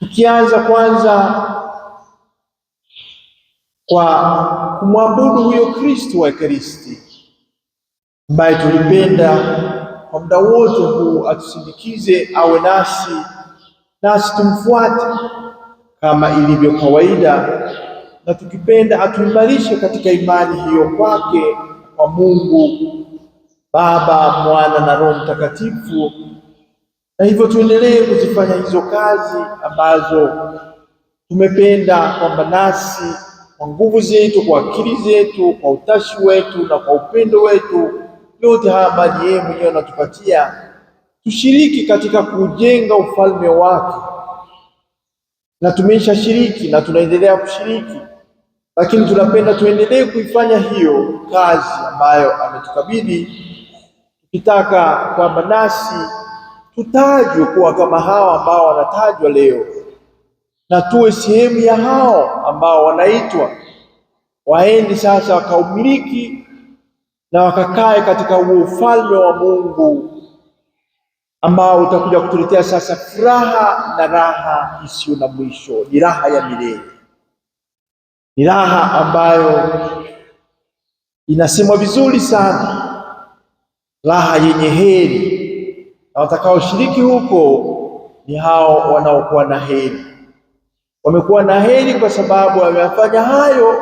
Tukianza kwanza kwa kumwabudu huyo Kristo wa Ekaristi ambaye tulipenda kwa muda wote huu, atusindikize, awe nasi nasi tumfuate kama ilivyo kawaida, na tukipenda atuimarishe katika imani hiyo kwake, kwa Mungu Baba, Mwana na Roho Mtakatifu. Na hivyo tuendelee kuzifanya hizo kazi ambazo tumependa kwamba nasi kwa nguvu zetu, kwa akili zetu, kwa utashi wetu na kwa upendo wetu, yote haya mali yeye mwenyewe anatupatia, tushiriki katika kujenga ufalme wake, na tumeisha shiriki na tunaendelea kushiriki, lakini tunapenda tuendelee kuifanya hiyo kazi ambayo ametukabidhi, tukitaka kwamba nasi tutajwe kuwa kama hao ambao wanatajwa leo, na tuwe sehemu ya hao ambao wanaitwa waende sasa wakaumiliki na wakakae katika huo ufalme wa Mungu ambao utakuja kutuletea sasa furaha na raha isiyo na mwisho. Ni raha ya milele, ni raha ambayo inasemwa vizuri sana, raha yenye heri na watakaoshiriki huko ni hao wanaokuwa na heri. Wamekuwa na heri kwa sababu wameyafanya hayo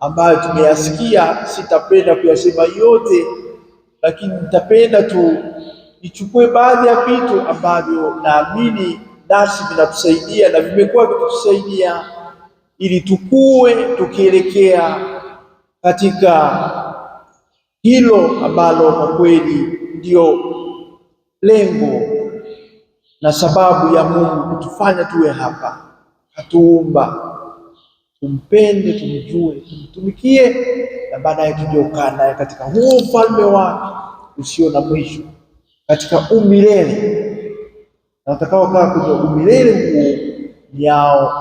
ambayo tumeyasikia. Sitapenda kuyasema yote, lakini nitapenda tu nichukue baadhi ya vitu ambavyo naamini nasi vinatusaidia na vimekuwa vikitusaidia ili tukue tukielekea katika hilo ambalo kwa kweli ndio lengo na sababu ya Mungu kutufanya tuwe hapa, atuumba tumpende, tumjue, tumtumikie na baadaye tuje ukaa naye katika huu ufalme wake usio na mwisho, katika umilele. Na watakaokaa kwenye umilele huu ni hao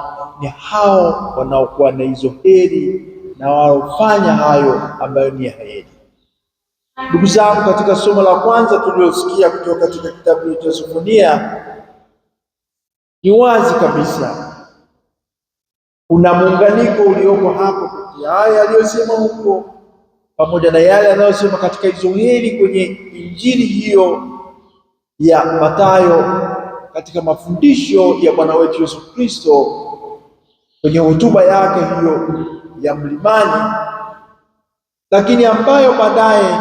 ni hao wanaokuwa na hizo heri na waofanya hayo ambayo ni ya heri. Ndugu zangu, katika somo la kwanza tuliosikia kutoka katika kitabu cha Sofonia, ni wazi kabisa kuna muunganiko ulioko hapo kati ya haya aliyosema huko pamoja na yale anayosema katika Injili kwenye injili hiyo ya Mathayo, katika mafundisho ya Bwana wetu Yesu Kristo kwenye hotuba yake hiyo ya mlimani, lakini ambayo baadaye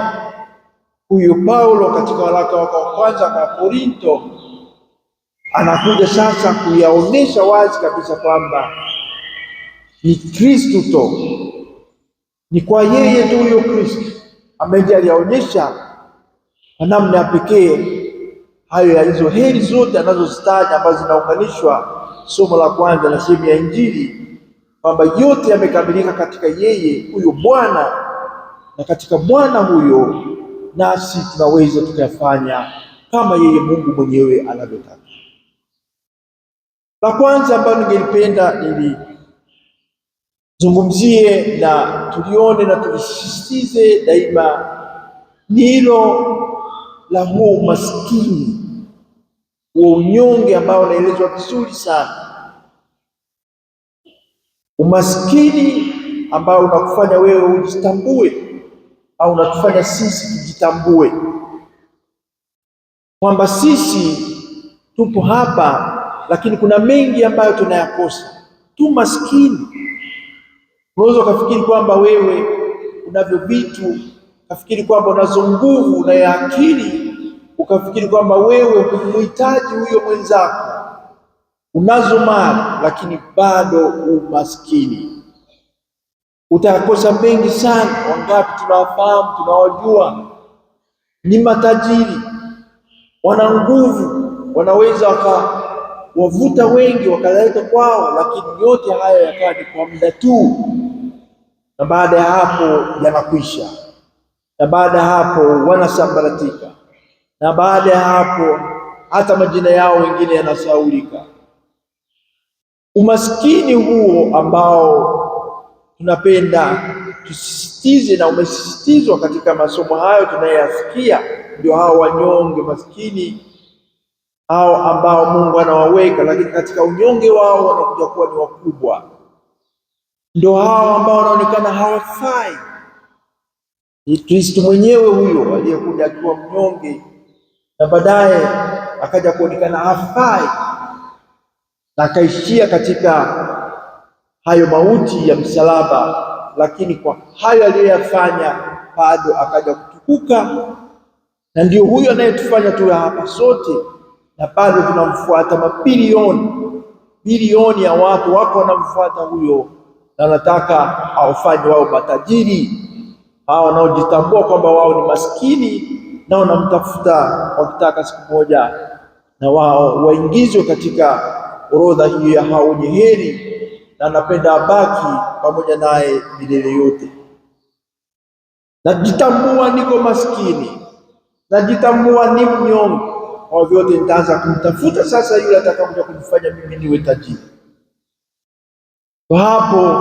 huyu Paulo katika waraka wake wa kwanza kwa Korinto anakuja sasa kuyaonyesha wazi kabisa kwamba ni Kristo to ni kwa yeye tu huyo Kristo ameja aliyaonyesha na namna ya pekee hayo ya hizo heri zote anazozitaja ambazo zinaunganishwa somo la kwanza na sehemu ya Injili kwamba yote yamekamilika katika yeye huyo Bwana na katika Bwana huyo nasi tunaweza tukayafanya kama yeye Mungu mwenyewe anavyotaka. La kwanza ambalo ningelipenda zungumzie na tulione na tulisisitize daima ni hilo la huo umaskini wa unyonge ambao unaelezwa vizuri sana, umaskini ambao unakufanya wewe ujitambue au unatufanya sisi tujitambue kwamba sisi tupo hapa, lakini kuna mengi ambayo tunayakosa tu maskini. Unaweza ukafikiri kwamba wewe unavyo vitu, ukafikiri kwamba unazo nguvu na ya akili, ukafikiri kwamba wewe humhitaji huyo mwenzako, unazo mali, lakini bado umaskini utakosa mengi sana. Wangapi tunawafahamu, tunawajua, ni matajiri, wana nguvu, wanaweza wakawavuta wengi wakaleta kwao, lakini yote haya yakawa ni kwa muda tu, na baada ya hapo yanakwisha, na baada ya hapo wanasambaratika, na baada ya hapo hata majina yao wengine yanasaulika Umaskini huo ambao tunapenda tusisitize na umesisitizwa katika masomo hayo tunayasikia, ndio hao wanyonge maskini, hao ambao Mungu anawaweka, lakini katika unyonge wao wanakuja kuwa ni wakubwa, ndio hao ambao wanaonekana hawafai. Kristo mwenyewe huyo aliyekuja akiwa mnyonge na baadaye akaja kuonekana hafai na akaishia katika hayo mauti ya msalaba, lakini kwa hayo aliyoyafanya bado akaja kutukuka, na ndio huyo anayetufanya tuwe hapa sote, na bado tunamfuata. Mabilioni bilioni ya watu wako wanamfuata huyo, na nataka awafanye wao matajiri, hao wanaojitambua kwamba wao ni maskini na wanamtafuta wakitaka siku moja na wao waingizwe katika orodha hiyo ya hao wenye heri na anapenda abaki pamoja naye milele yote. Najitambua niko maskini, najitambua ni mnyonge, kwa vyote nitaanza kumtafuta sasa yule atakayokuja kunifanya mimi niwe tajiri. Kwa hapo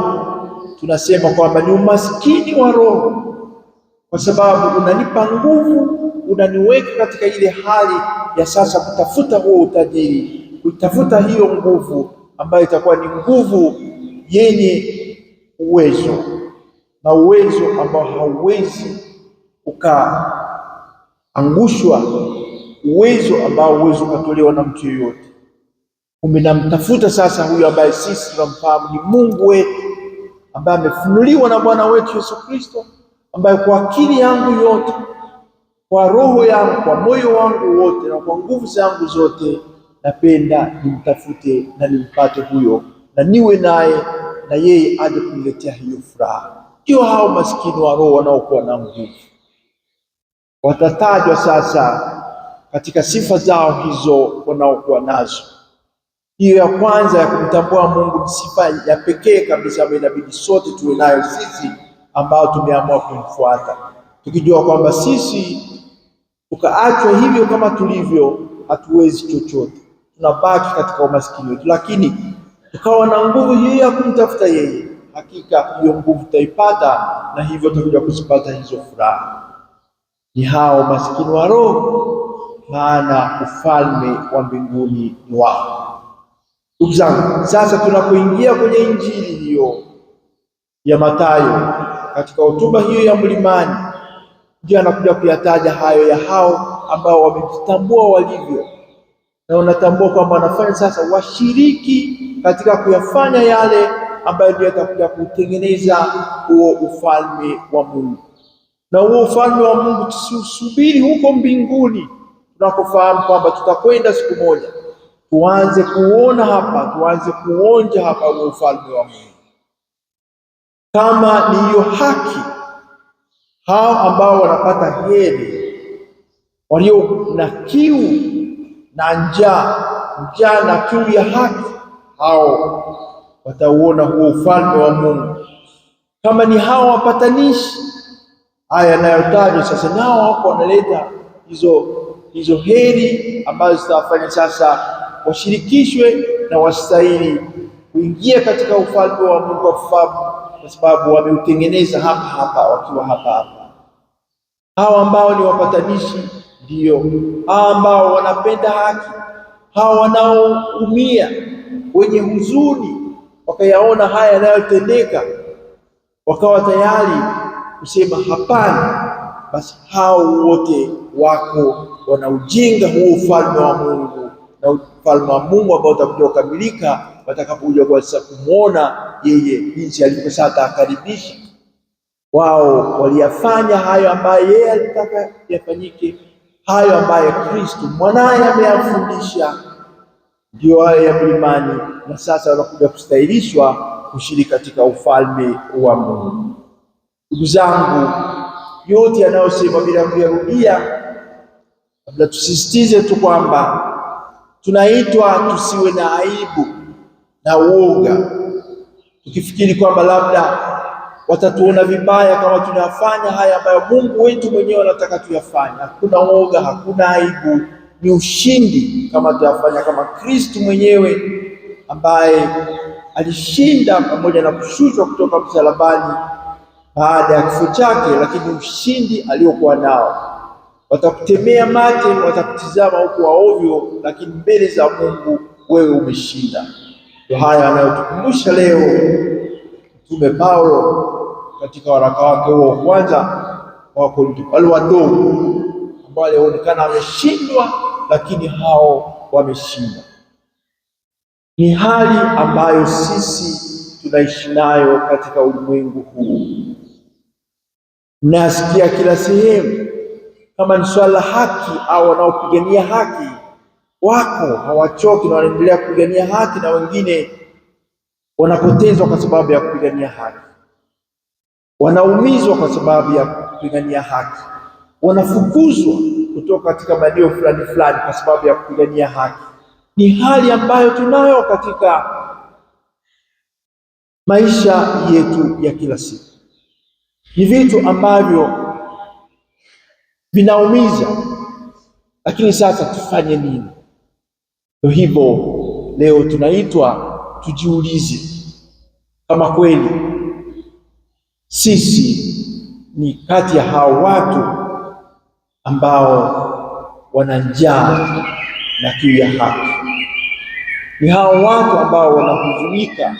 tunasema kwamba ni umaskini wa roho, kwa sababu unanipa nguvu, unaniweka katika ile hali ya sasa kutafuta huo utajiri, kuitafuta hiyo nguvu ambayo itakuwa ni nguvu yenye uwezo na uwezo ambao hauwezi ukaangushwa, uwezo ambao uwezo ukatolewa na mtu yoyote. Kumbe namtafuta sasa huyu ambaye sisi tunamfahamu ni Mungu wetu ambaye amefunuliwa na Bwana wetu Yesu Kristo, ambaye kwa akili yangu yote, kwa roho yangu, kwa moyo wangu wote na kwa nguvu zangu zote napenda nimtafute na nimpate huyo na niwe naye na yeye aje kuniletea hiyo furaha. Ndio hao maskini wa roho wanaokuwa na nguvu watatajwa sasa katika sifa zao hizo wanaokuwa nazo. Hiyo ya kwanza ya kumtambua Mungu ni sifa ya pekee kabisa ambayo inabidi sote tuwe nayo sisi ambao tumeamua kumfuata, tukijua kwamba sisi tukaachwa hivyo kama tulivyo, hatuwezi chochote tunabaki katika umaskini wetu, lakini tukawa na nguvu hii ya kumtafuta yeye, hakika hiyo nguvu tutaipata, na hivyo tutakuja kuzipata hizo furaha. Ni hao maskini wa roho, maana ufalme wa mbinguni ni wao. Ndugu zangu, sasa tunapoingia kwenye injili hiyo ya Mathayo, katika hotuba hiyo ya mlimani, ndio anakuja kuyataja hayo ya hao ambao wamejitambua walivyo na unatambua kwamba wanafanya sasa, washiriki katika kuyafanya yale ambayo ndio yatakuja kutengeneza huo ufalme wa Mungu. Na huo ufalme wa Mungu tusubiri huko mbinguni, tunakofahamu kwamba tutakwenda siku moja, tuanze kuona hapa, tuanze kuonja hapa huo ufalme wa Mungu kama ni hiyo haki. Hao ambao wanapata heri, walio na kiu na njaa, njaa na kiu ya haki, hao watauona huo ufalme wa Mungu. Kama ni hao wapatanishi, haya yanayotajwa sasa, nao wako wanaleta hizo hizo heri ambazo zitawafanya sasa washirikishwe na wastahili kuingia katika ufalme wa Mungu wa kwa sababu wameutengeneza hapa hapa wakiwa hapa hapa, hao ambao ni wapatanishi ndio hawa ambao wanapenda haki, hawa wanaoumia, wenye huzuni, wakayaona haya yanayotendeka, wakawa tayari kusema hapana, basi hao wote wako wana ujinga huo ufalme wa Mungu na ufalme wa Mungu ambao utakuja kukamilika watakapokuja kwa sasa kumwona yeye jinsi alivyo sasa atakaribisha Wao waliyafanya hayo ambayo yeye alitaka yafanyike hayo ambayo Kristu mwanaye ameyafundisha, ndio hayo ya mlimani, na sasa wanakuja kustahilishwa kushiriki katika ufalme wa Mungu. Ndugu zangu, yote yanayosema bila kuyarudia, labda tusisitize tu kwamba tunaitwa tusiwe na aibu na uoga, tukifikiri kwamba labda watatuona vibaya kama tunayafanya haya ambayo Mungu wetu mwenyewe anataka tuyafanye. Hakuna woga, hakuna aibu, ni ushindi kama tuyafanya kama Kristu mwenyewe ambaye alishinda pamoja na kushushwa kutoka msalabani baada ya kifo chake, lakini ushindi aliokuwa nao. Watakutemea mate, watakutizama huku waovyo, lakini mbele za Mungu wewe umeshinda. Ndio haya anayotukumbusha leo Mtume Paulo katika waraka wake huo wa kwanza wa kundi wale wadogo ambao walionekana wameshindwa, lakini hao wameshinda. Ni hali ambayo sisi tunaishi nayo katika ulimwengu huu. Nasikia kila sehemu, kama ni swala la haki au wanaopigania haki wako hawachoki na wanaendelea kupigania haki, na wengine wanapotezwa kwa sababu ya kupigania haki wanaumizwa kwa sababu ya kupigania haki, wanafukuzwa kutoka katika maeneo fulani fulani kwa sababu ya kupigania haki. Ni hali ambayo tunayo katika maisha yetu ya kila siku, ni vitu ambavyo vinaumiza, lakini sasa tufanye nini? Kwa hivyo leo tunaitwa tujiulize kama kweli sisi ni kati ya hao watu ambao wana njaa na kiu ya haki, ni hao watu ambao wanahuzunika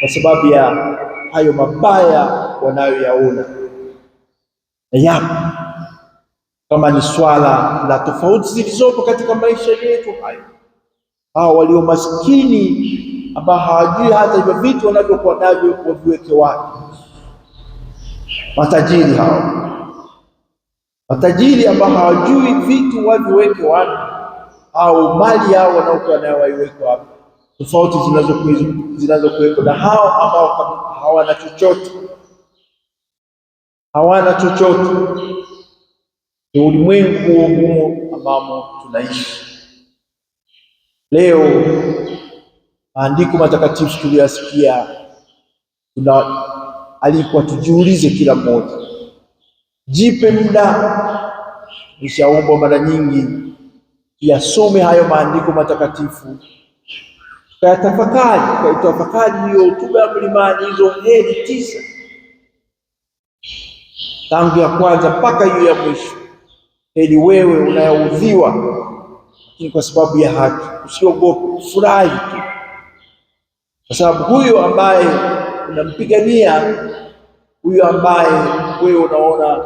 kwa sababu ya hayo mabaya wanayoyaona na yapo, kama ni swala la tofauti zilizopo katika maisha yetu hayo, hao walio maskini ambao hawajui hata hivyo vitu wanavyokuwa navyo waviweke wapi matajiri hao, matajiri ambao hawajui vitu waviweke wapi au mali yao wanaokuwa nayo waiweke wapi, tofauti zinazokuwepo na hao ambao hawana chochote, hawana chochote. Ni ulimwengu huo huo ambamo tunaishi leo. Maandiko matakatifu tuliyasikia tuna alikuwa tujiulize kila mmoja, jipe muda. Nishaomba mara nyingi, yasome hayo maandiko matakatifu, tukayatafakari, tukaitafakari hiyo hotuba ya mlimani, hizo heri tisa, tangu ya kwanza mpaka hiyo ya mwisho. Heri wewe unayoudhiwa, lakini kwa sababu ya haki usiogope, furahi tu, kwa sababu huyo ambaye unampigania huyo ambaye wewe unaona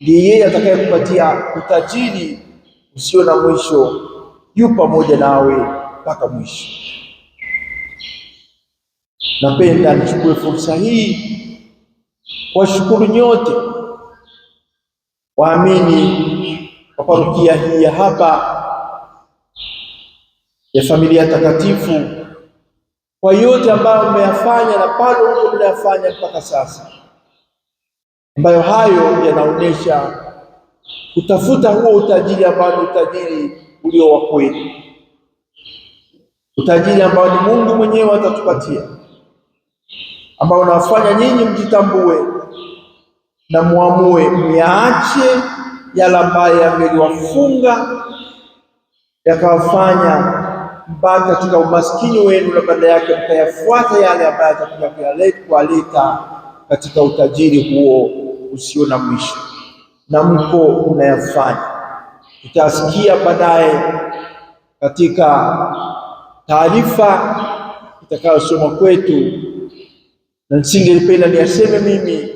ndiye yeye atakayekupatia utajiri usio na mwisho, yu pamoja nawe mpaka mwisho. Napenda nichukue fursa hii shukuru nyote waamini wa parokia hii ya hapa ya familia takatifu kwa yote ambayo mmeyafanya na bado huko mnayafanya mpaka sasa, ambayo hayo yanaonyesha kutafuta huo utajiri ambao ni utajiri ulio wa kweli, utajiri ambao ni Mungu mwenyewe atatupatia, ambao unawafanya nyinyi mjitambue na muamue myaache yale ambayo yangeliwafunga yakawafanya mpaka katika umaskini wenu, na badala yake mtayafuata yale ambayo atakuja kuyaleta katika utajiri huo usio na mwisho, na mko unayafanya. Utasikia baadaye katika taarifa itakayosoma kwetu, na nisingelipenda niyaseme mimi,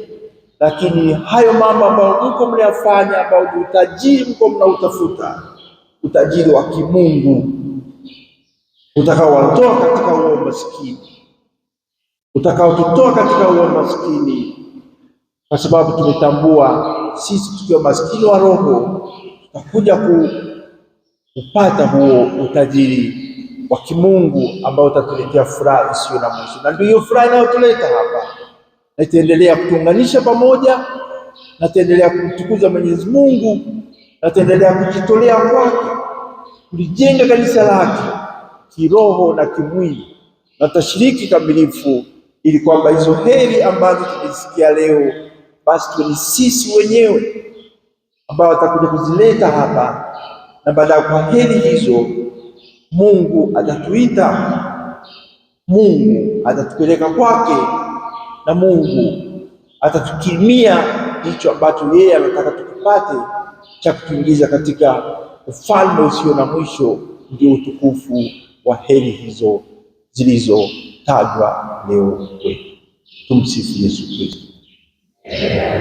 lakini hayo mambo ambayo mko mnayafanya, ambayo utajiri mko mnautafuta, utajiri wa kimungu utakaowatoa katika huo umaskini, utakaotutoa katika huo umaskini, kwa sababu tumetambua sisi tukiwa maskini wa roho tutakuja kupata huo utajiri wa kimungu ambao utatuletea furaha isiyo na mwisho, na ndio hiyo furaha inayotuleta hapa, na itaendelea kutuunganisha pamoja, na itaendelea kumtukuza Mwenyezi Mungu, na itaendelea kujitolea kwake kulijenga kanisa lake kiroho na kimwili, na tashiriki kamilifu, ili kwamba hizo heri ambazo tumezisikia leo basi tuwe ni sisi wenyewe ambao atakuja kuzileta hapa, na baada ya kwa heri hizo Mungu atatuita, Mungu atatupeleka kwake, na Mungu atatukimia hicho ambacho yeye anataka tukipate cha kutuingiza katika ufalme usio na mwisho, ndio utukufu wa heri hizo zilizotajwa leo kwetu. Tumsifu Yesu Kristo.